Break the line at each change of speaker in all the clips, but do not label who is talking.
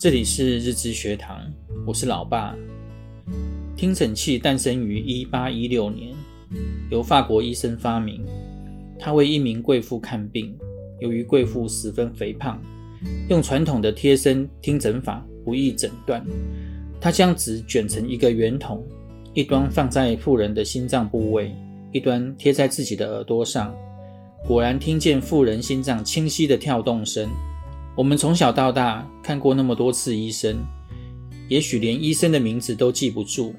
這裡是日知學堂，我是老爸。聽診器誕生於一八一六年，由法國醫生發明。他為一名貴婦看病，由於貴婦十分肥胖，用傳統的貼身聽診法不易診斷。他將紙捲成一個圓筒，一端放在婦人的心臟部位，一端貼在自己的耳朵上，果然聽見婦人心臟清晰的跳動聲。我們從小到大看過那麼多次醫生，也許連醫生的名字都記不住，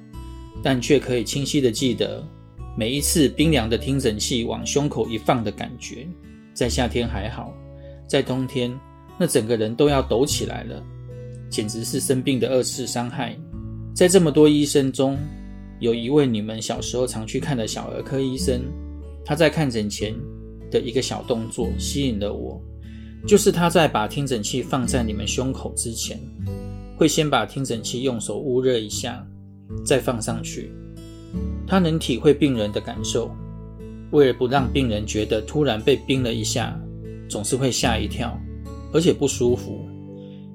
但卻可以清晰地記得每一次冰涼的聽診器往胸口一放的感覺。在夏天還好，在冬天那整個人都要抖起來了，簡直是生病的二次傷害。在這麼多醫生中，有一位你們小時候常去看的小兒科醫生，他在看診前的一個小動作吸引了我。就是他在把聽診器放在你們胸口之前，會先把聽診器用手捂熱一下，再放上去。他能體會病人的感受，為了不讓病人覺得突然被冰了一下，總是會嚇一跳，而且不舒服。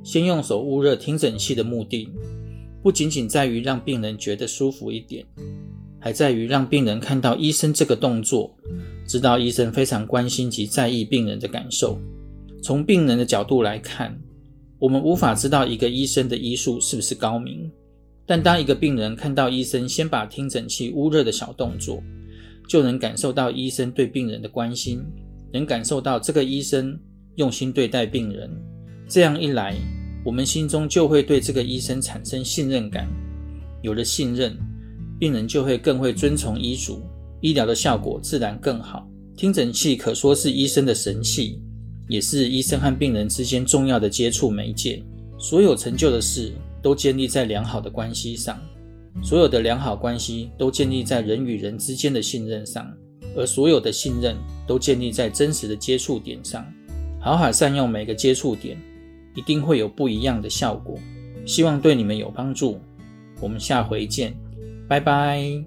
先用手捂熱聽診器的目的，不僅僅在於讓病人覺得舒服一點，還在於讓病人看到醫生這個動作，知道醫生非常關心及在意病人的感受。從病人的角度來看，我們無法知道一個醫生的醫術是不是高明。但當一個病人看到醫生先把聽診器捂熱的小動作，就能感受到醫生對病人的關心，能感受到這個醫生用心對待病人。這樣一來，我們心中就會對這個醫生產生信任感。有了信任，病人就會更會遵從醫囑，醫療的效果自然更好。聽診器可說是醫生的神器。也是醫生和病人之間重要的接觸媒介。所有成就的事都建立在良好的關係上，所有的良好關係都建立在人與人之間的信任上，而所有的信任都建立在真實的接觸點上。好好善用每個接觸點，一定會有不一樣的效果。希望對你們有幫助。我們下回見，拜拜。